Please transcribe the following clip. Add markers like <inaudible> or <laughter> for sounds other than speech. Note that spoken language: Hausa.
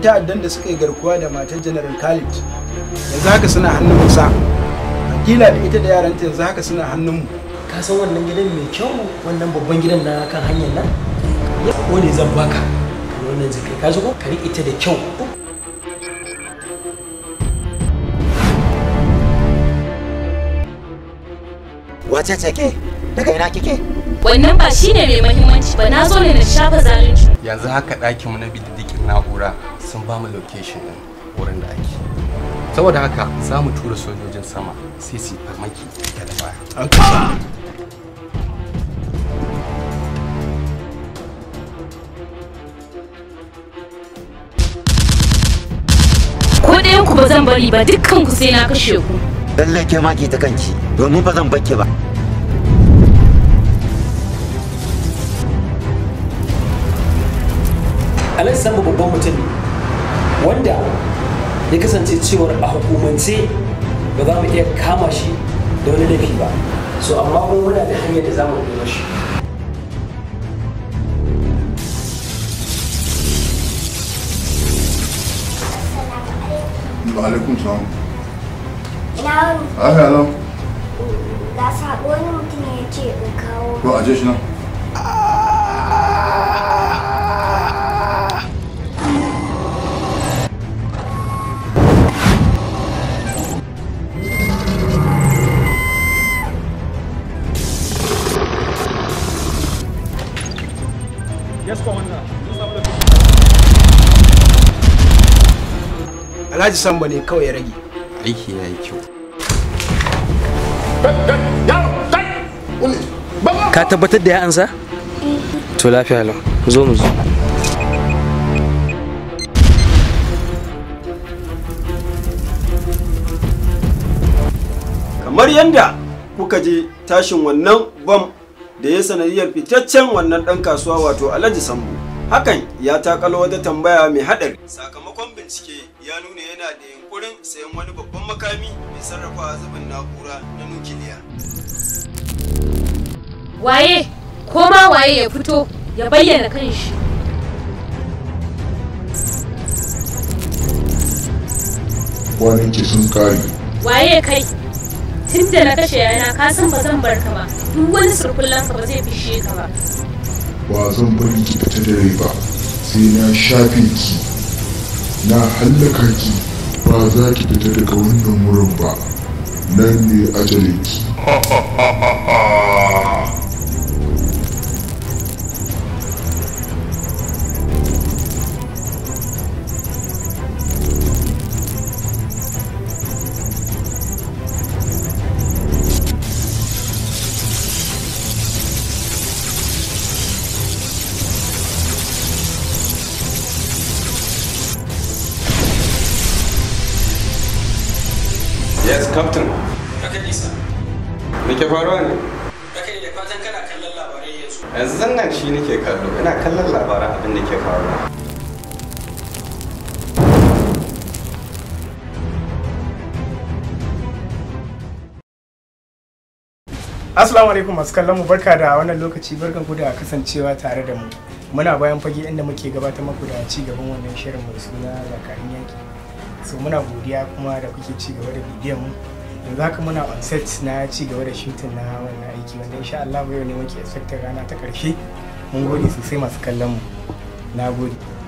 'yan ta'addan da suka yi garkuwa da matar janaral khalid yanzu haka suna hannun musa kila da ita da yaranta yanzu haka suna mu ka san wannan gidan mai kyau wannan babban gidan na kan hanyar nan ya ne zan baka wannan zikai ka zo ka riƙe ta da kyau wace ce ke daga ina kike wannan ba shine mai muhimmanci ba na zo ne na shafa zalunci yanzu haka ɗakinmu na bididdikin na'ura sun ba mu location ɗin wurin da ake saboda haka za mu tura sojojin sama sai su farmaki daga baya ko ku ba zan bari ba dukkan ku sai na kashe ku lallai ke maki ta kanki domin ba zan bakke ba alai saba babban mutum ne wanda ya kasance cewar a hukumance ba za mu iya kama shi da wani laifi ba so amma kuma muna da hanyar da za mu kula shi alaikum salam ina wani ga sa wani mutum ya ce in kawo to a je shi nan alhaji samba ne kawai ya rage aiki ya yi kyau ka tabbatar da ya ansa to lafiya lau zo mu zo kamar yadda kuka je tashin wannan bam da ya sanadiyar fitaccen wannan ɗan kasuwa wato alhaji sambo hakan ya takalo wata tambaya mai haɗari sakamakon bincike ya nuna yana da yunkurin sayan wani babban makami mai sarrafa zubin na'ura na nukiliya. Waye, koma waye ya fito ya bayyana kanshi. Kwaninki sun kari. Waye kai, tun da na kashe yana kasan san ba zan bar ka ba, duk wani surkullanka ba zai fishe ka ba. Ba zan bari ki fita dare ba, sai na shafe ki. na hallaka ki ba za ki fita daga wannan wurin ba nan ne ha. <laughs> Yes, Captain. Haka Isa. Me faruwa ne? Haka ne da fatan kana kallon labarai yanzu. Yanzu nan shi nake kallo, ina kallon labaran abin da ke faruwa. Assalamu alaikum masu kallon mu barka da wannan lokaci barkan ku da kasancewa tare da mu. Muna bayan fage inda muke gabatar muku da ci gaban wannan shirin mai suna zakarin yaki. so muna godiya kuma da kuke ci gaba da bidiyon mu yanzu haka muna on set na ci gaba da shooting na wannan aiki wanda insha Allah yau ne muke expect rana ta karshe mun gode sosai masu kallon mu na gode